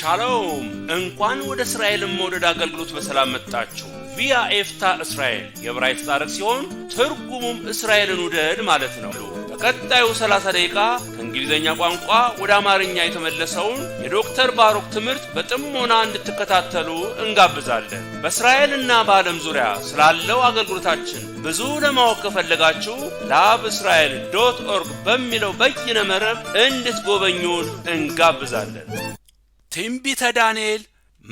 ሻሎም እንኳን ወደ እስራኤልን መውደድ አገልግሎት በሰላም መጣችሁ። ቪያ ኤፍታ እስራኤል የዕብራይስጥ ታሪክ ሲሆን ትርጉሙም እስራኤልን ውደድ ማለት ነው። በቀጣዩ 30 ደቂቃ ከእንግሊዝኛ ቋንቋ ወደ አማርኛ የተመለሰውን የዶክተር ባሮክ ትምህርት በጥሞና እንድትከታተሉ እንጋብዛለን። በእስራኤልና በዓለም ዙሪያ ስላለው አገልግሎታችን ብዙ ለማወቅ ከፈለጋችሁ ላብ እስራኤል ዶት ኦርግ በሚለው በይነ መረብ እንድትጎበኙን እንጋብዛለን። ትንቢተ ዳንኤል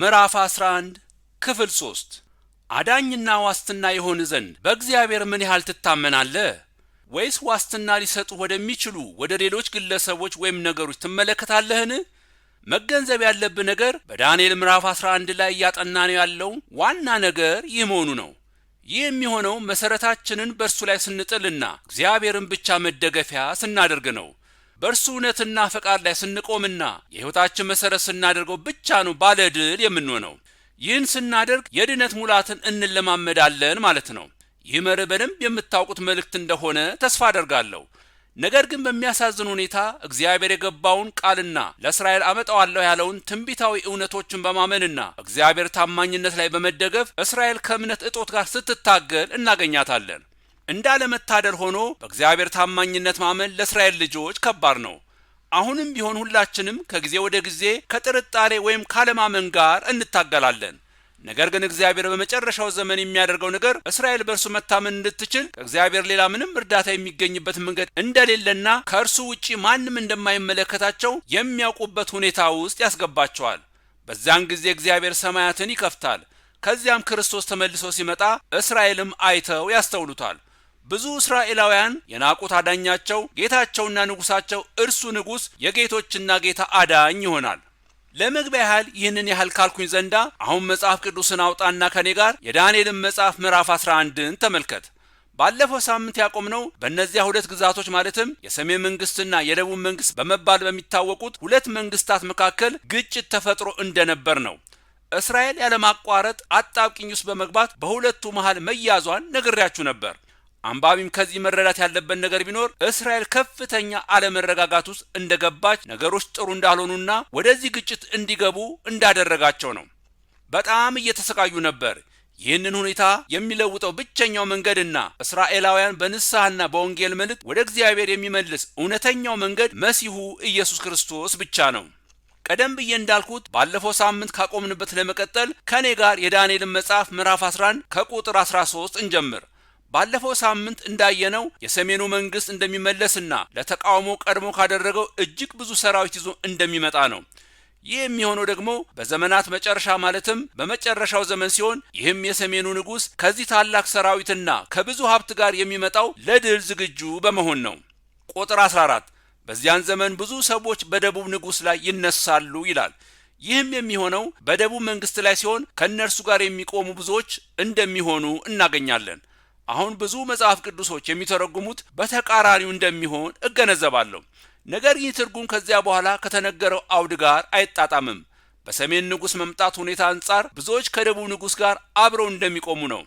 ምዕራፍ 11 ክፍል 3 አዳኝና ዋስትና ይሆን ዘንድ በእግዚአብሔር ምን ያህል ትታመናለህ? ወይስ ዋስትና ሊሰጡ ወደሚችሉ ወደ ሌሎች ግለሰቦች ወይም ነገሮች ትመለከታለህን? መገንዘብ ያለብህ ነገር በዳንኤል ምዕራፍ 11 ላይ እያጠና ነው ያለው ዋና ነገር ይህ መሆኑ ነው። ይህ የሚሆነው መሰረታችንን በእርሱ ላይ ስንጥልና እግዚአብሔርን ብቻ መደገፊያ ስናደርግ ነው። በእርሱ እውነትና ፈቃድ ላይ ስንቆምና የሕይወታችን መሠረት ስናደርገው ብቻ ነው ባለድል የምንሆነው። ይህን ስናደርግ የድነት ሙላትን እንለማመዳለን ማለት ነው። ይህ መርህ በደንብ የምታውቁት መልእክት እንደሆነ ተስፋ አደርጋለሁ። ነገር ግን በሚያሳዝን ሁኔታ እግዚአብሔር የገባውን ቃልና ለእስራኤል አመጣዋለሁ ያለውን ትንቢታዊ እውነቶችን በማመንና እግዚአብሔር ታማኝነት ላይ በመደገፍ እስራኤል ከእምነት እጦት ጋር ስትታገል እናገኛታለን። እንዳለመታደል ሆኖ በእግዚአብሔር ታማኝነት ማመን ለእስራኤል ልጆች ከባድ ነው። አሁንም ቢሆን ሁላችንም ከጊዜ ወደ ጊዜ ከጥርጣሬ ወይም ካለማመን ጋር እንታገላለን። ነገር ግን እግዚአብሔር በመጨረሻው ዘመን የሚያደርገው ነገር እስራኤል በእርሱ መታመን እንድትችል ከእግዚአብሔር ሌላ ምንም እርዳታ የሚገኝበት መንገድ እንደሌለና ከእርሱ ውጪ ማንም እንደማይመለከታቸው የሚያውቁበት ሁኔታ ውስጥ ያስገባቸዋል። በዚያን ጊዜ እግዚአብሔር ሰማያትን ይከፍታል። ከዚያም ክርስቶስ ተመልሶ ሲመጣ እስራኤልም አይተው ያስተውሉታል። ብዙ እስራኤላውያን የናቁት አዳኛቸው ጌታቸውና ንጉሳቸው እርሱ ንጉስ የጌቶችና ጌታ አዳኝ ይሆናል። ለመግቢያ ያህል ይህንን ያህል ካልኩኝ ዘንዳ አሁን መጽሐፍ ቅዱስን አውጣና ከኔ ጋር የዳንኤልን መጽሐፍ ምዕራፍ 11ን ተመልከት። ባለፈው ሳምንት ያቆምነው በእነዚያ ሁለት ግዛቶች ማለትም የሰሜን መንግስትና የደቡብ መንግስት በመባል በሚታወቁት ሁለት መንግስታት መካከል ግጭት ተፈጥሮ እንደነበር ነው። እስራኤል ያለማቋረጥ አጣብቂኝ ውስጥ በመግባት በሁለቱ መሃል መያዟን ነግሬያችሁ ነበር። አንባቢም ከዚህ መረዳት ያለበት ነገር ቢኖር እስራኤል ከፍተኛ አለመረጋጋት ውስጥ እንደገባች ነገሮች ጥሩ እንዳልሆኑና ወደዚህ ግጭት እንዲገቡ እንዳደረጋቸው ነው። በጣም እየተሰቃዩ ነበር። ይህንን ሁኔታ የሚለውጠው ብቸኛው መንገድና እስራኤላውያን በንስሐና በወንጌል መልእክት ወደ እግዚአብሔር የሚመልስ እውነተኛው መንገድ መሲሁ ኢየሱስ ክርስቶስ ብቻ ነው። ቀደም ብዬ እንዳልኩት ባለፈው ሳምንት ካቆምንበት ለመቀጠል ከእኔ ጋር የዳንኤልን መጽሐፍ ምዕራፍ 11 ከቁጥር 13 እንጀምር። ባለፈው ሳምንት እንዳየነው የሰሜኑ መንግስት እንደሚመለስና ለተቃውሞ ቀድሞ ካደረገው እጅግ ብዙ ሰራዊት ይዞ እንደሚመጣ ነው። ይህ የሚሆነው ደግሞ በዘመናት መጨረሻ ማለትም በመጨረሻው ዘመን ሲሆን ይህም የሰሜኑ ንጉስ ከዚህ ታላቅ ሰራዊትና ከብዙ ሀብት ጋር የሚመጣው ለድል ዝግጁ በመሆን ነው። ቁጥር 14 በዚያን ዘመን ብዙ ሰዎች በደቡብ ንጉስ ላይ ይነሳሉ ይላል። ይህም የሚሆነው በደቡብ መንግስት ላይ ሲሆን ከእነርሱ ጋር የሚቆሙ ብዙዎች እንደሚሆኑ እናገኛለን። አሁን ብዙ መጽሐፍ ቅዱሶች የሚተረጉሙት በተቃራኒው እንደሚሆን እገነዘባለሁ። ነገር ይህ ትርጉም ከዚያ በኋላ ከተነገረው አውድ ጋር አይጣጣምም። በሰሜን ንጉሥ መምጣት ሁኔታ አንጻር ብዙዎች ከደቡብ ንጉሥ ጋር አብረው እንደሚቆሙ ነው።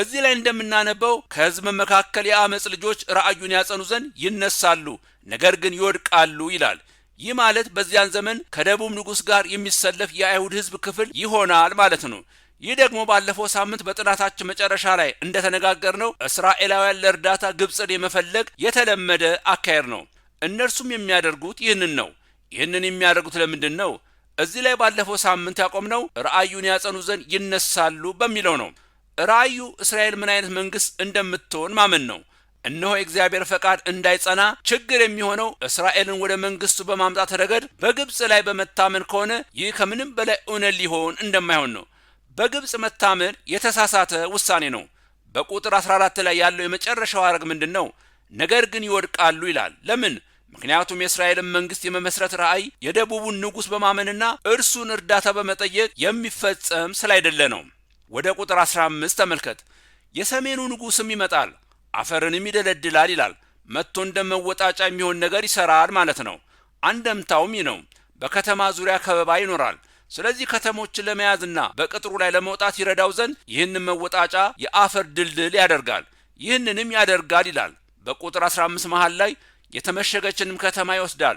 እዚህ ላይ እንደምናነበው ከሕዝብ መካከል የአመፅ ልጆች ራእዩን ያጸኑ ዘንድ ይነሳሉ፣ ነገር ግን ይወድቃሉ ይላል። ይህ ማለት በዚያን ዘመን ከደቡብ ንጉሥ ጋር የሚሰለፍ የአይሁድ ሕዝብ ክፍል ይሆናል ማለት ነው። ይህ ደግሞ ባለፈው ሳምንት በጥናታችን መጨረሻ ላይ እንደተነጋገርነው እስራኤላውያን ለእርዳታ ግብፅን የመፈለግ የተለመደ አካሄድ ነው። እነርሱም የሚያደርጉት ይህንን ነው። ይህንን የሚያደርጉት ለምንድን ነው? እዚህ ላይ ባለፈው ሳምንት ያቆምነው ራእዩን ያጸኑ ዘንድ ይነሳሉ በሚለው ነው። ራእዩ እስራኤል ምን አይነት መንግስት እንደምትሆን ማመን ነው። እነሆ የእግዚአብሔር ፈቃድ እንዳይጸና ችግር የሚሆነው እስራኤልን ወደ መንግስቱ በማምጣት ረገድ በግብፅ ላይ በመታመን ከሆነ ይህ ከምንም በላይ እውነት ሊሆን እንደማይሆን ነው። በግብፅ መታመን የተሳሳተ ውሳኔ ነው። በቁጥር 14 ላይ ያለው የመጨረሻው አረግ ምንድን ነው? ነገር ግን ይወድቃሉ ይላል። ለምን? ምክንያቱም የእስራኤልን መንግስት የመመስረት ራእይ የደቡቡን ንጉሥ በማመንና እርሱን እርዳታ በመጠየቅ የሚፈጸም ስላይደለ ነው። ወደ ቁጥር 15 ተመልከት። የሰሜኑ ንጉሥም ይመጣል አፈርንም ይደለድላል ይላል። መጥቶ እንደ መወጣጫ የሚሆን ነገር ይሰራል ማለት ነው። አንደምታውም ይህ ነው። በከተማ ዙሪያ ከበባ ይኖራል። ስለዚህ ከተሞችን ለመያዝና በቅጥሩ ላይ ለመውጣት ይረዳው ዘንድ ይህንን መወጣጫ የአፈር ድልድል ያደርጋል ይህንንም ያደርጋል ይላል። በቁጥር 15 መሃል ላይ የተመሸገችንም ከተማ ይወስዳል፣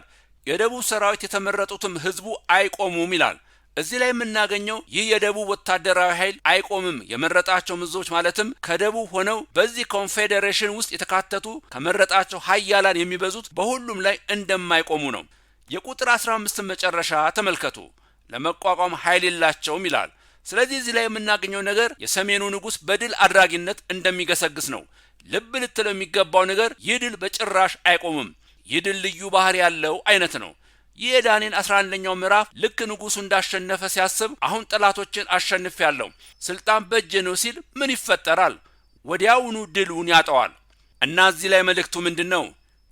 የደቡብ ሰራዊት የተመረጡትም ህዝቡ አይቆሙም ይላል። እዚህ ላይ የምናገኘው ይህ የደቡብ ወታደራዊ ኃይል አይቆምም የመረጣቸው ምዞች ማለትም ከደቡብ ሆነው በዚህ ኮንፌዴሬሽን ውስጥ የተካተቱ ከመረጣቸው ሀያላን የሚበዙት በሁሉም ላይ እንደማይቆሙ ነው። የቁጥር 15 መጨረሻ ተመልከቱ። ለመቋቋም ኃይል የላቸውም ይላል። ስለዚህ እዚህ ላይ የምናገኘው ነገር የሰሜኑ ንጉሥ በድል አድራጊነት እንደሚገሰግስ ነው። ልብ ልትለው የሚገባው ነገር ይህ ድል በጭራሽ አይቆምም። ይህ ድል ልዩ ባህር ያለው አይነት ነው። ይህ የዳንኤል 11 አንደኛው ምዕራፍ ልክ ንጉሱ እንዳሸነፈ ሲያስብ አሁን ጠላቶችን አሸንፍ ያለው ስልጣን በእጅ ነው ሲል ምን ይፈጠራል? ወዲያውኑ ድሉን ያጠዋል። እና እዚህ ላይ መልእክቱ ምንድን ነው?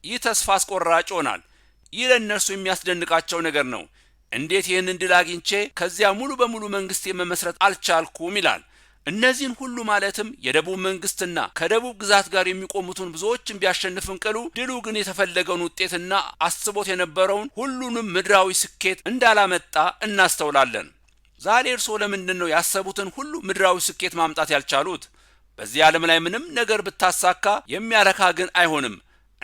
ይህ ተስፋ አስቆራጭ ይሆናል። ይህ ለእነርሱ የሚያስደንቃቸው ነገር ነው። እንዴት ይህን ድል አግኝቼ ከዚያ ሙሉ በሙሉ መንግስት መመስረት አልቻልኩም ይላል። እነዚህን ሁሉ ማለትም የደቡብ መንግስትና ከደቡብ ግዛት ጋር የሚቆሙትን ብዙዎችን ቢያሸንፍን ቅሉ ድሉ ግን የተፈለገውን ውጤትና አስቦት የነበረውን ሁሉንም ምድራዊ ስኬት እንዳላመጣ እናስተውላለን። ዛሬ እርስዎ ለምንድን ነው ያሰቡትን ሁሉ ምድራዊ ስኬት ማምጣት ያልቻሉት? በዚህ ዓለም ላይ ምንም ነገር ብታሳካ የሚያረካ ግን አይሆንም።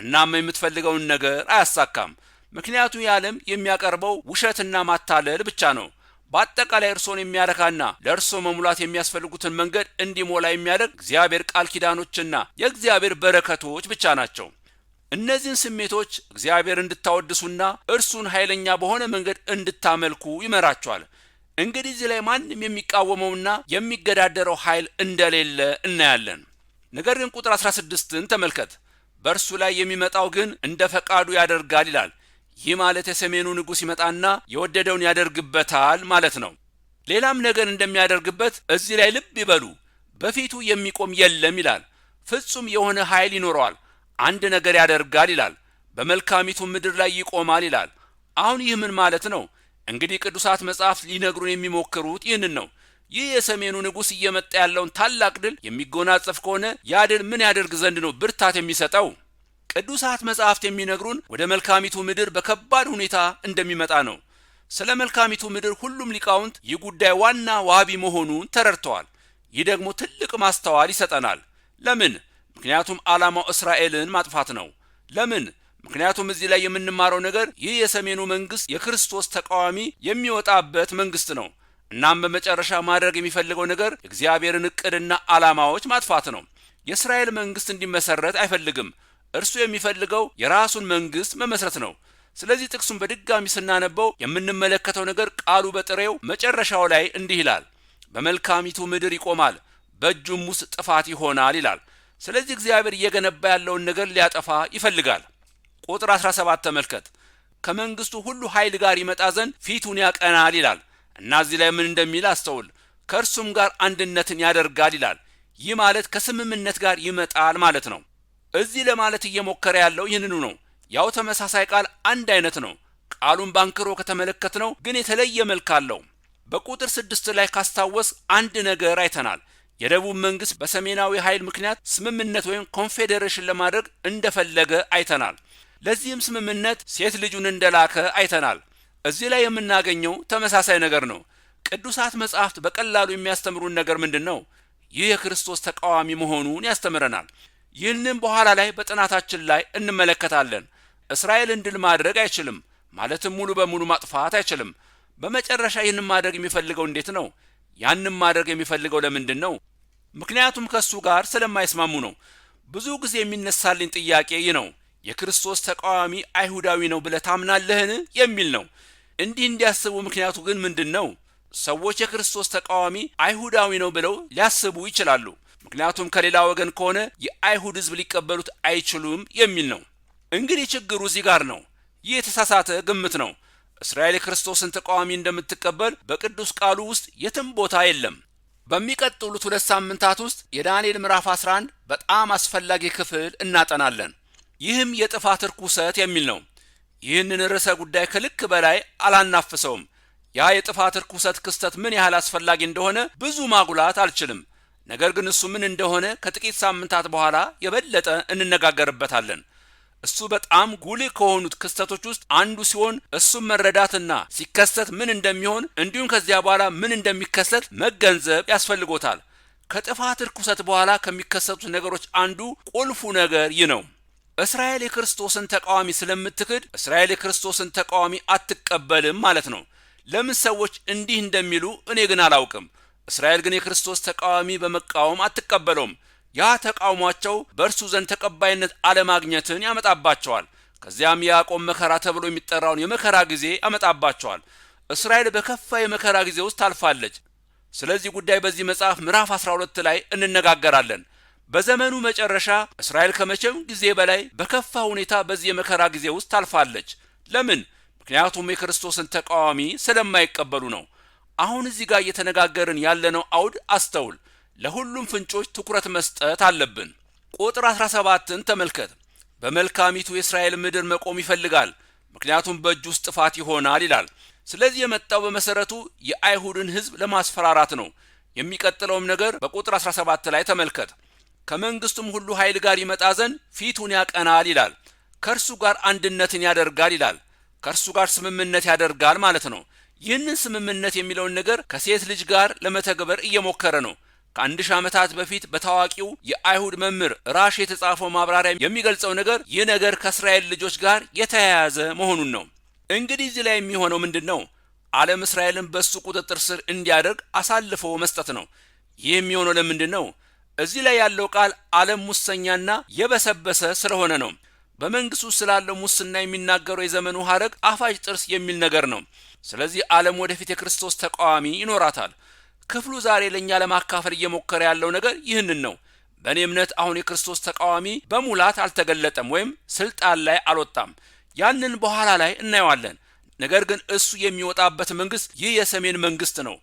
እናም የምትፈልገውን ነገር አያሳካም። ምክንያቱ የዓለም የሚያቀርበው ውሸትና ማታለል ብቻ ነው። በአጠቃላይ እርሶን የሚያረካና ለእርሶ መሙላት የሚያስፈልጉትን መንገድ እንዲሞላ የሚያደርግ እግዚአብሔር ቃል ኪዳኖችና የእግዚአብሔር በረከቶች ብቻ ናቸው። እነዚህን ስሜቶች እግዚአብሔር እንድታወድሱና እርሱን ኃይለኛ በሆነ መንገድ እንድታመልኩ ይመራቸዋል። እንግዲህ እዚህ ላይ ማንም የሚቃወመውና የሚገዳደረው ኃይል እንደሌለ እናያለን። ነገር ግን ቁጥር 16ን ተመልከት። በእርሱ ላይ የሚመጣው ግን እንደ ፈቃዱ ያደርጋል ይላል። ይህ ማለት የሰሜኑ ንጉሥ ይመጣና የወደደውን ያደርግበታል ማለት ነው። ሌላም ነገር እንደሚያደርግበት እዚህ ላይ ልብ ይበሉ። በፊቱ የሚቆም የለም ይላል። ፍጹም የሆነ ኃይል ይኖረዋል። አንድ ነገር ያደርጋል ይላል። በመልካሚቱ ምድር ላይ ይቆማል ይላል። አሁን ይህ ምን ማለት ነው? እንግዲህ ቅዱሳት መጽሐፍት ሊነግሩን የሚሞክሩት ይህንን ነው። ይህ የሰሜኑ ንጉሥ እየመጣ ያለውን ታላቅ ድል የሚጎናጸፍ ከሆነ ያ ድል ምን ያደርግ ዘንድ ነው ብርታት የሚሰጠው? ቅዱሳት መጻሕፍት የሚነግሩን ወደ መልካሚቱ ምድር በከባድ ሁኔታ እንደሚመጣ ነው። ስለ መልካሚቱ ምድር ሁሉም ሊቃውንት ይህ ጉዳይ ዋና ዋቢ መሆኑን ተረድተዋል። ይህ ደግሞ ትልቅ ማስተዋል ይሰጠናል። ለምን? ምክንያቱም ዓላማው እስራኤልን ማጥፋት ነው። ለምን? ምክንያቱም እዚህ ላይ የምንማረው ነገር ይህ የሰሜኑ መንግስት የክርስቶስ ተቃዋሚ የሚወጣበት መንግስት ነው። እናም በመጨረሻ ማድረግ የሚፈልገው ነገር እግዚአብሔርን እቅድና ዓላማዎች ማጥፋት ነው። የእስራኤል መንግስት እንዲመሰረት አይፈልግም። እርሱ የሚፈልገው የራሱን መንግስት መመስረት ነው። ስለዚህ ጥቅሱን በድጋሚ ስናነበው የምንመለከተው ነገር ቃሉ በጥሬው መጨረሻው ላይ እንዲህ ይላል፣ በመልካሚቱ ምድር ይቆማል፣ በእጁም ውስጥ ጥፋት ይሆናል ይላል። ስለዚህ እግዚአብሔር እየገነባ ያለውን ነገር ሊያጠፋ ይፈልጋል። ቁጥር 17 ተመልከት። ከመንግስቱ ሁሉ ኃይል ጋር ይመጣ ዘንድ ፊቱን ያቀናል ይላል እና እዚህ ላይ ምን እንደሚል አስተውል። ከእርሱም ጋር አንድነትን ያደርጋል ይላል። ይህ ማለት ከስምምነት ጋር ይመጣል ማለት ነው። እዚህ ለማለት እየሞከረ ያለው ይህንኑ ነው። ያው ተመሳሳይ ቃል አንድ አይነት ነው። ቃሉን ባንክሮ ከተመለከት ነው ግን የተለየ መልክ አለው። በቁጥር ስድስት ላይ ካስታወስ አንድ ነገር አይተናል። የደቡብ መንግስት በሰሜናዊ ኃይል ምክንያት ስምምነት ወይም ኮንፌዴሬሽን ለማድረግ እንደፈለገ አይተናል። ለዚህም ስምምነት ሴት ልጁን እንደላከ አይተናል። እዚህ ላይ የምናገኘው ተመሳሳይ ነገር ነው። ቅዱሳት መጻሕፍት በቀላሉ የሚያስተምሩን ነገር ምንድን ነው? ይህ የክርስቶስ ተቃዋሚ መሆኑን ያስተምረናል። ይህንም በኋላ ላይ በጥናታችን ላይ እንመለከታለን። እስራኤልን ድል ማድረግ አይችልም፣ ማለትም ሙሉ በሙሉ ማጥፋት አይችልም። በመጨረሻ ይህን ማድረግ የሚፈልገው እንዴት ነው? ያንም ማድረግ የሚፈልገው ለምንድን ነው? ምክንያቱም ከእሱ ጋር ስለማይስማሙ ነው። ብዙ ጊዜ የሚነሳልኝ ጥያቄ ይህ ነው። የክርስቶስ ተቃዋሚ አይሁዳዊ ነው ብለህ ታምናለህን? የሚል ነው። እንዲህ እንዲያስቡ ምክንያቱ ግን ምንድን ነው? ሰዎች የክርስቶስ ተቃዋሚ አይሁዳዊ ነው ብለው ሊያስቡ ይችላሉ። ምክንያቱም ከሌላ ወገን ከሆነ የአይሁድ ህዝብ ሊቀበሉት አይችሉም የሚል ነው። እንግዲህ ችግሩ እዚህ ጋር ነው። ይህ የተሳሳተ ግምት ነው። እስራኤል ክርስቶስን ተቃዋሚ እንደምትቀበል በቅዱስ ቃሉ ውስጥ የትም ቦታ የለም። በሚቀጥሉት ሁለት ሳምንታት ውስጥ የዳንኤል ምዕራፍ 11 በጣም አስፈላጊ ክፍል እናጠናለን። ይህም የጥፋት እርኩሰት የሚል ነው። ይህንን ርዕሰ ጉዳይ ከልክ በላይ አላናፍሰውም። ያ የጥፋት እርኩሰት ክስተት ምን ያህል አስፈላጊ እንደሆነ ብዙ ማጉላት አልችልም። ነገር ግን እሱ ምን እንደሆነ ከጥቂት ሳምንታት በኋላ የበለጠ እንነጋገርበታለን። እሱ በጣም ጉልህ ከሆኑት ክስተቶች ውስጥ አንዱ ሲሆን እሱም መረዳትና ሲከሰት ምን እንደሚሆን እንዲሁም ከዚያ በኋላ ምን እንደሚከሰት መገንዘብ ያስፈልጎታል። ከጥፋት ርኩሰት በኋላ ከሚከሰቱት ነገሮች አንዱ ቁልፉ ነገር ይህ ነው። እስራኤል የክርስቶስን ተቃዋሚ ስለምትክድ እስራኤል የክርስቶስን ተቃዋሚ አትቀበልም ማለት ነው። ለምን ሰዎች እንዲህ እንደሚሉ እኔ ግን አላውቅም። እስራኤል ግን የክርስቶስ ተቃዋሚ በመቃወም አትቀበለውም። ያ ተቃውሟቸው በእርሱ ዘንድ ተቀባይነት አለማግኘትን ያመጣባቸዋል። ከዚያም የያዕቆብ መከራ ተብሎ የሚጠራውን የመከራ ጊዜ ያመጣባቸዋል። እስራኤል በከፋ የመከራ ጊዜ ውስጥ ታልፋለች። ስለዚህ ጉዳይ በዚህ መጽሐፍ ምዕራፍ 12 ላይ እንነጋገራለን። በዘመኑ መጨረሻ እስራኤል ከመቼም ጊዜ በላይ በከፋ ሁኔታ በዚህ የመከራ ጊዜ ውስጥ ታልፋለች። ለምን? ምክንያቱም የክርስቶስን ተቃዋሚ ስለማይቀበሉ ነው። አሁን እዚህ ጋር እየተነጋገርን ያለነው አውድ አስተውል። ለሁሉም ፍንጮች ትኩረት መስጠት አለብን። ቁጥር 17ን ተመልከት። በመልካሚቱ የእስራኤል ምድር መቆም ይፈልጋል፣ ምክንያቱም በእጅ ውስጥ ጥፋት ይሆናል ይላል። ስለዚህ የመጣው በመሰረቱ የአይሁድን ሕዝብ ለማስፈራራት ነው። የሚቀጥለውም ነገር በቁጥር 17 ላይ ተመልከት። ከመንግስቱም ሁሉ ኃይል ጋር ይመጣ ዘንድ ፊቱን ያቀናል ይላል። ከእርሱ ጋር አንድነትን ያደርጋል ይላል። ከእርሱ ጋር ስምምነት ያደርጋል ማለት ነው። ይህንን ስምምነት የሚለውን ነገር ከሴት ልጅ ጋር ለመተግበር እየሞከረ ነው። ከአንድ ሺህ ዓመታት በፊት በታዋቂው የአይሁድ መምህር ራሽ የተጻፈው ማብራሪያ የሚገልጸው ነገር ይህ ነገር ከእስራኤል ልጆች ጋር የተያያዘ መሆኑን ነው። እንግዲህ እዚህ ላይ የሚሆነው ምንድን ነው? ዓለም እስራኤልን በሱ ቁጥጥር ስር እንዲያደርግ አሳልፎ መስጠት ነው። ይህ የሚሆነው ለምንድን ነው? እዚህ ላይ ያለው ቃል ዓለም ሙሰኛና የበሰበሰ ስለሆነ ነው። በመንግስቱ ስላለው ሙስና የሚናገረው የዘመኑ ሀረግ አፋጭ ጥርስ የሚል ነገር ነው። ስለዚህ ዓለም ወደፊት የክርስቶስ ተቃዋሚ ይኖራታል። ክፍሉ ዛሬ ለእኛ ለማካፈል እየሞከረ ያለው ነገር ይህንን ነው። በእኔ እምነት አሁን የክርስቶስ ተቃዋሚ በሙላት አልተገለጠም ወይም ስልጣን ላይ አልወጣም። ያንን በኋላ ላይ እናየዋለን። ነገር ግን እሱ የሚወጣበት መንግስት ይህ የሰሜን መንግስት ነው።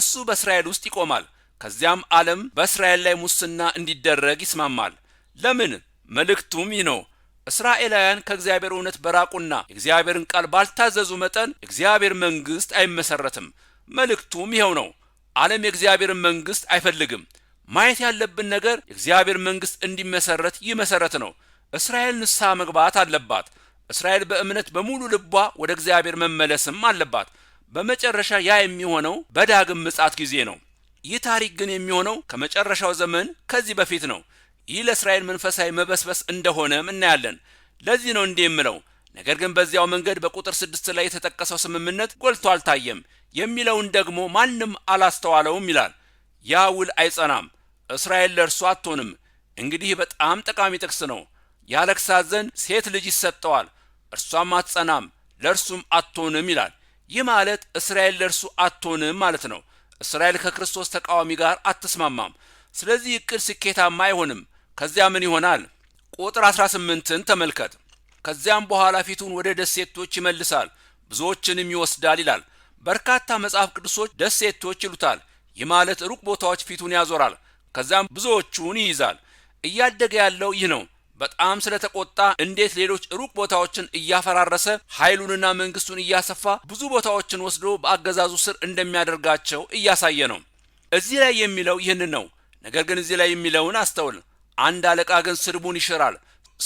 እሱ በእስራኤል ውስጥ ይቆማል። ከዚያም ዓለም በእስራኤል ላይ ሙስና እንዲደረግ ይስማማል። ለምን? መልእክቱም ይህ ነው። እስራኤላውያን ከእግዚአብሔር እውነት በራቁና የእግዚአብሔርን ቃል ባልታዘዙ መጠን እግዚአብሔር መንግስት አይመሰረትም። መልእክቱም ይኸው ነው። ዓለም የእግዚአብሔርን መንግስት አይፈልግም። ማየት ያለብን ነገር የእግዚአብሔር መንግስት እንዲመሰረት ይህ መሰረት ነው። እስራኤል ንስሐ መግባት አለባት። እስራኤል በእምነት በሙሉ ልቧ ወደ እግዚአብሔር መመለስም አለባት። በመጨረሻ ያ የሚሆነው በዳግም ምጻት ጊዜ ነው። ይህ ታሪክ ግን የሚሆነው ከመጨረሻው ዘመን ከዚህ በፊት ነው። ይህ ለእስራኤል መንፈሳዊ መበስበስ እንደሆነም እናያለን። ለዚህ ነው እንዲህ የምለው። ነገር ግን በዚያው መንገድ በቁጥር ስድስት ላይ የተጠቀሰው ስምምነት ጎልቶ አልታየም የሚለውን ደግሞ ማንም አላስተዋለውም ይላል። ያ ውል አይጸናም፣ እስራኤል ለእርሱ አትሆንም። እንግዲህ በጣም ጠቃሚ ጥቅስ ነው። ያለቅሳት ዘንድ ሴት ልጅ ይሰጠዋል፣ እርሷም አትጸናም፣ ለእርሱም አትሆንም ይላል። ይህ ማለት እስራኤል ለእርሱ አትሆንም ማለት ነው። እስራኤል ከክርስቶስ ተቃዋሚ ጋር አትስማማም። ስለዚህ እቅድ ስኬታማ አይሆንም። ከዚያ ምን ይሆናል? ቁጥር 18ን ተመልከት። ከዚያም በኋላ ፊቱን ወደ ደሴቶች ይመልሳል፣ ብዙዎችንም ይወስዳል ይላል። በርካታ መጽሐፍ ቅዱሶች ደሴቶች ይሉታል። ይህ ማለት ሩቅ ቦታዎች ፊቱን ያዞራል፣ ከዚያም ብዙዎቹን ይይዛል። እያደገ ያለው ይህ ነው። በጣም ስለተቆጣ እንዴት ሌሎች ሩቅ ቦታዎችን እያፈራረሰ ኃይሉንና መንግስቱን እያሰፋ ብዙ ቦታዎችን ወስዶ በአገዛዙ ስር እንደሚያደርጋቸው እያሳየ ነው። እዚህ ላይ የሚለው ይህንን ነው። ነገር ግን እዚህ ላይ የሚለውን አስተውል። አንድ አለቃ ግን ስድቡን ይሽራል፣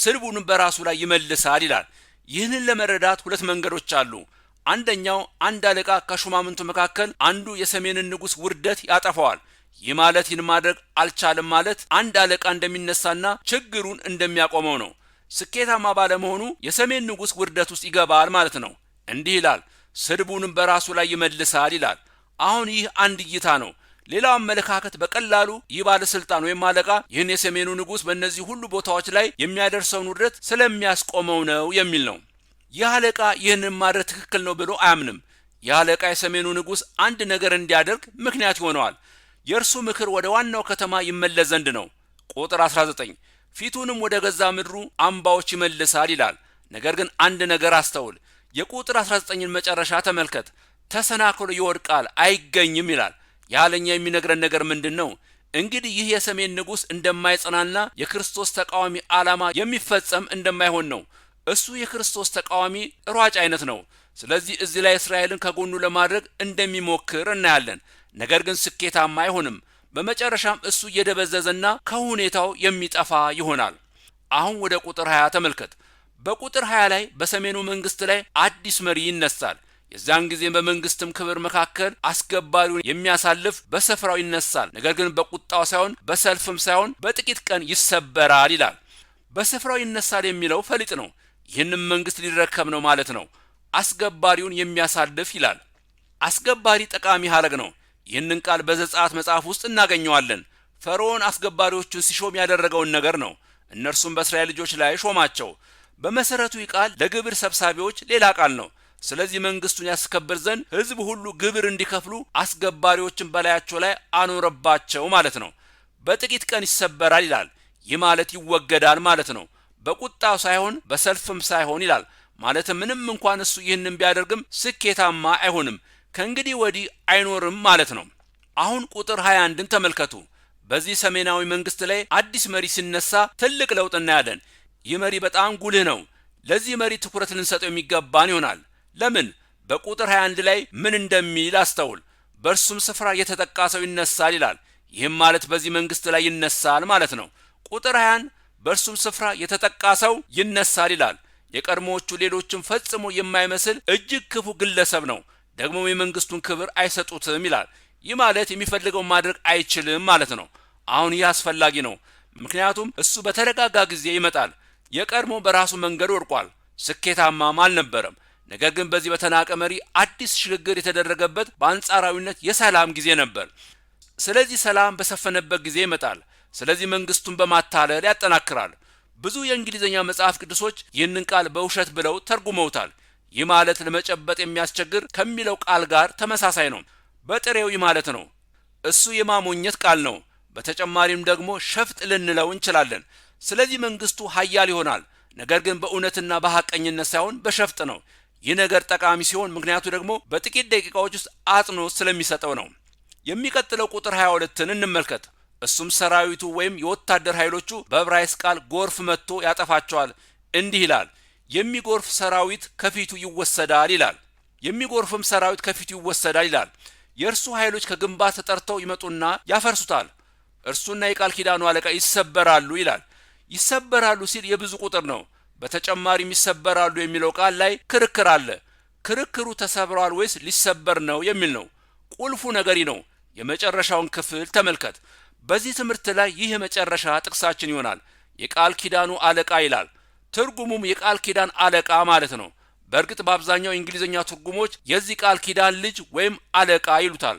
ስድቡንም በራሱ ላይ ይመልሳል ይላል። ይህንን ለመረዳት ሁለት መንገዶች አሉ። አንደኛው አንድ አለቃ ከሹማምንቱ መካከል አንዱ የሰሜንን ንጉሥ ውርደት ያጠፋዋል። ይህ ማለት ይህን ማድረግ አልቻልም ማለት አንድ አለቃ እንደሚነሳና ችግሩን እንደሚያቆመው ነው። ስኬታማ ባለመሆኑ የሰሜን ንጉሥ ውርደት ውስጥ ይገባል ማለት ነው። እንዲህ ይላል፣ ስድቡንም በራሱ ላይ ይመልሳል ይላል። አሁን ይህ አንድ እይታ ነው። ሌላው አመለካከት በቀላሉ ይህ ባለስልጣን ወይም አለቃ ይህን የሰሜኑ ንጉሥ በእነዚህ ሁሉ ቦታዎች ላይ የሚያደርሰውን ውድረት ስለሚያስቆመው ነው የሚል ነው። ይህ አለቃ ይህንን ማድረግ ትክክል ነው ብሎ አያምንም። ይህ አለቃ የሰሜኑ ንጉሥ አንድ ነገር እንዲያደርግ ምክንያት ይሆነዋል። የእርሱ ምክር ወደ ዋናው ከተማ ይመለስ ዘንድ ነው። ቁጥር 19 ፊቱንም ወደ ገዛ ምድሩ አምባዎች ይመልሳል ይላል። ነገር ግን አንድ ነገር አስተውል። የቁጥር 19ን መጨረሻ ተመልከት። ተሰናክሎ ይወድቃል አይገኝም ይላል። ያለኛ የሚነግረን ነገር ምንድን ነው? እንግዲህ ይህ የሰሜን ንጉሥ እንደማይጸናና የክርስቶስ ተቃዋሚ ዓላማ የሚፈጸም እንደማይሆን ነው። እሱ የክርስቶስ ተቃዋሚ ሯጭ አይነት ነው። ስለዚህ እዚህ ላይ እስራኤልን ከጎኑ ለማድረግ እንደሚሞክር እናያለን። ነገር ግን ስኬታማ አይሆንም። በመጨረሻም እሱ እየደበዘዘና ከሁኔታው የሚጠፋ ይሆናል። አሁን ወደ ቁጥር 20 ተመልከት። በቁጥር 20 ላይ በሰሜኑ መንግስት ላይ አዲስ መሪ ይነሳል። የዚያን ጊዜ በመንግስትም ክብር መካከል አስገባሪውን የሚያሳልፍ በስፍራው ይነሳል፣ ነገር ግን በቁጣው ሳይሆን በሰልፍም ሳይሆን በጥቂት ቀን ይሰበራል ይላል። በስፍራው ይነሳል የሚለው ፈሊጥ ነው። ይህንም መንግስት ሊረከብ ነው ማለት ነው። አስገባሪውን የሚያሳልፍ ይላል። አስገባሪ ጠቃሚ ሀረግ ነው። ይህንን ቃል በዘጸአት መጽሐፍ ውስጥ እናገኘዋለን። ፈርዖን አስገባሪዎቹን ሲሾም ያደረገውን ነገር ነው። እነርሱም በእስራኤል ልጆች ላይ ሾማቸው። በመሰረቱ ይህ ቃል ለግብር ሰብሳቢዎች ሌላ ቃል ነው። ስለዚህ መንግስቱን ያስከብር ዘንድ ህዝብ ሁሉ ግብር እንዲከፍሉ አስገባሪዎችን በላያቸው ላይ አኖረባቸው ማለት ነው። በጥቂት ቀን ይሰበራል ይላል። ይህ ማለት ይወገዳል ማለት ነው። በቁጣ ሳይሆን በሰልፍም ሳይሆን ይላል። ማለትም ምንም እንኳን እሱ ይህንን ቢያደርግም ስኬታማ አይሆንም፣ ከእንግዲህ ወዲህ አይኖርም ማለት ነው። አሁን ቁጥር 21ን ተመልከቱ። በዚህ ሰሜናዊ መንግስት ላይ አዲስ መሪ ሲነሳ ትልቅ ለውጥ እናያለን። ይህ መሪ በጣም ጉልህ ነው። ለዚህ መሪ ትኩረት ልንሰጠው የሚገባን ይሆናል። ለምን? በቁጥር 21 ላይ ምን እንደሚል አስተውል። በእርሱም ስፍራ የተጠቃሰው ይነሳል ይላል። ይህም ማለት በዚህ መንግስት ላይ ይነሳል ማለት ነው። ቁጥር 21 በእርሱም ስፍራ የተጠቃሰው ይነሳል ይላል። የቀድሞዎቹ ሌሎችም ፈጽሞ የማይመስል እጅግ ክፉ ግለሰብ ነው። ደግሞ የመንግስቱን ክብር አይሰጡትም ይላል። ይህ ማለት የሚፈልገው ማድረግ አይችልም ማለት ነው። አሁን ይህ አስፈላጊ ነው፣ ምክንያቱም እሱ በተረጋጋ ጊዜ ይመጣል። የቀድሞ በራሱ መንገድ ወድቋል፣ ስኬታማም አልነበረም። ነገር ግን በዚህ በተናቀ መሪ አዲስ ሽግግር የተደረገበት በአንጻራዊነት የሰላም ጊዜ ነበር። ስለዚህ ሰላም በሰፈነበት ጊዜ ይመጣል። ስለዚህ መንግስቱን በማታለል ያጠናክራል። ብዙ የእንግሊዝኛ መጽሐፍ ቅዱሶች ይህንን ቃል በውሸት ብለው ተርጉመውታል። ይህ ማለት ለመጨበጥ የሚያስቸግር ከሚለው ቃል ጋር ተመሳሳይ ነው። በጥሬው ይህ ማለት ነው። እሱ የማሞኘት ቃል ነው። በተጨማሪም ደግሞ ሸፍጥ ልንለው እንችላለን። ስለዚህ መንግስቱ ሀያል ይሆናል፣ ነገር ግን በእውነትና በሐቀኝነት ሳይሆን በሸፍጥ ነው። ይህ ነገር ጠቃሚ ሲሆን ምክንያቱ ደግሞ በጥቂት ደቂቃዎች ውስጥ አጥኖ ስለሚሰጠው ነው። የሚቀጥለው ቁጥር 22ን እንመልከት። እሱም ሰራዊቱ ወይም የወታደር ኃይሎቹ በዕብራይስጥ ቃል ጎርፍ መጥቶ ያጠፋቸዋል። እንዲህ ይላል፣ የሚጎርፍ ሰራዊት ከፊቱ ይወሰዳል ይላል። የሚጎርፍም ሰራዊት ከፊቱ ይወሰዳል ይላል። የእርሱ ኃይሎች ከግንባር ተጠርተው ይመጡና ያፈርሱታል። እርሱና የቃል ኪዳኑ አለቃ ይሰበራሉ ይላል። ይሰበራሉ ሲል የብዙ ቁጥር ነው። በተጨማሪም ይሰበራሉ የሚለው ቃል ላይ ክርክር አለ። ክርክሩ ተሰብሯል ወይስ ሊሰበር ነው የሚል ነው። ቁልፉ ነገሪ ነው። የመጨረሻውን ክፍል ተመልከት። በዚህ ትምህርት ላይ ይህ የመጨረሻ ጥቅሳችን ይሆናል። የቃል ኪዳኑ አለቃ ይላል። ትርጉሙም የቃል ኪዳን አለቃ ማለት ነው። በእርግጥ በአብዛኛው የእንግሊዝኛ ትርጉሞች የዚህ ቃል ኪዳን ልጅ ወይም አለቃ ይሉታል።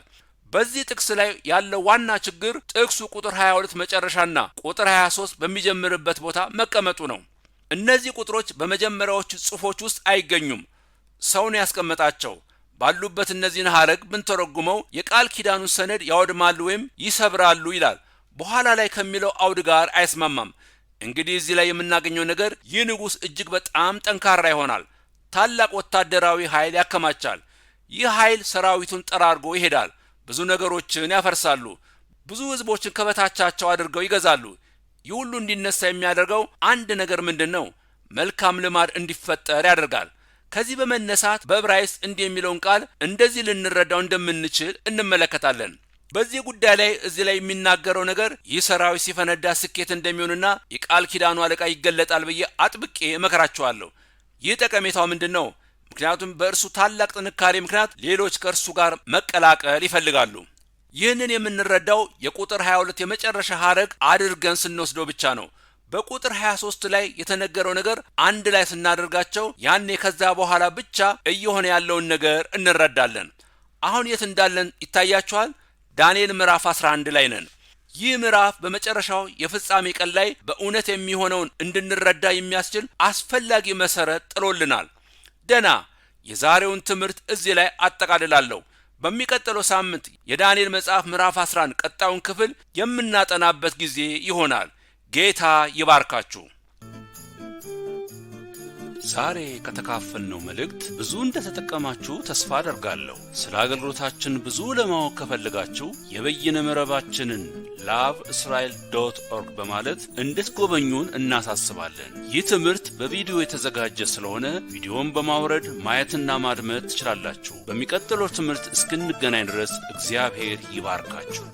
በዚህ ጥቅስ ላይ ያለው ዋና ችግር ጥቅሱ ቁጥር 22 መጨረሻና ቁጥር 23 በሚጀምርበት ቦታ መቀመጡ ነው። እነዚህ ቁጥሮች በመጀመሪያዎቹ ጽሑፎች ውስጥ አይገኙም። ሰውን ያስቀመጣቸው ባሉበት እነዚህን ሐረግ ብንተረጉመው የቃል ኪዳኑን ሰነድ ያወድማሉ ወይም ይሰብራሉ ይላል። በኋላ ላይ ከሚለው አውድ ጋር አይስማማም። እንግዲህ እዚህ ላይ የምናገኘው ነገር ይህ ንጉሥ እጅግ በጣም ጠንካራ ይሆናል። ታላቅ ወታደራዊ ኃይል ያከማቻል። ይህ ኃይል ሰራዊቱን ጠራርጎ ይሄዳል። ብዙ ነገሮችን ያፈርሳሉ። ብዙ ሕዝቦችን ከበታቻቸው አድርገው ይገዛሉ። ይህ ሁሉ እንዲነሳ የሚያደርገው አንድ ነገር ምንድን ነው? መልካም ልማድ እንዲፈጠር ያደርጋል። ከዚህ በመነሳት በዕብራይስጥ እንዲህ የሚለውን ቃል እንደዚህ ልንረዳው እንደምንችል እንመለከታለን። በዚህ ጉዳይ ላይ እዚህ ላይ የሚናገረው ነገር ይህ ሰራዊት ሲፈነዳ ስኬት እንደሚሆንና የቃል ኪዳኑ አለቃ ይገለጣል ብዬ አጥብቄ እመክራቸዋለሁ። ይህ ጠቀሜታው ምንድን ነው? ምክንያቱም በእርሱ ታላቅ ጥንካሬ ምክንያት ሌሎች ከእርሱ ጋር መቀላቀል ይፈልጋሉ። ይህንን የምንረዳው የቁጥር 22 የመጨረሻ ሀረግ አድርገን ስንወስደው ብቻ ነው። በቁጥር 23 ላይ የተነገረው ነገር አንድ ላይ ስናደርጋቸው ያኔ ከዛ በኋላ ብቻ እየሆነ ያለውን ነገር እንረዳለን። አሁን የት እንዳለን ይታያችኋል። ዳንኤል ምዕራፍ 11 ላይ ነን። ይህ ምዕራፍ በመጨረሻው የፍጻሜ ቀን ላይ በእውነት የሚሆነውን እንድንረዳ የሚያስችል አስፈላጊ መሰረት ጥሎልናል። ደና የዛሬውን ትምህርት እዚህ ላይ አጠቃልላለሁ። በሚቀጥለው ሳምንት የዳንኤል መጽሐፍ ምዕራፍ 11 ቀጣዩን ክፍል የምናጠናበት ጊዜ ይሆናል። ጌታ ይባርካችሁ። ዛሬ ከተካፈልነው መልእክት ብዙ እንደተጠቀማችሁ ተስፋ አደርጋለሁ። ስለ አገልግሎታችን ብዙ ለማወቅ ከፈልጋችሁ የበይነ መረባችንን ላቭ እስራኤል ዶት ኦርግ በማለት እንድትጎበኙን እናሳስባለን። ይህ ትምህርት በቪዲዮ የተዘጋጀ ስለሆነ ቪዲዮን በማውረድ ማየትና ማድመጥ ትችላላችሁ። በሚቀጥለው ትምህርት እስክንገናኝ ድረስ እግዚአብሔር ይባርካችሁ።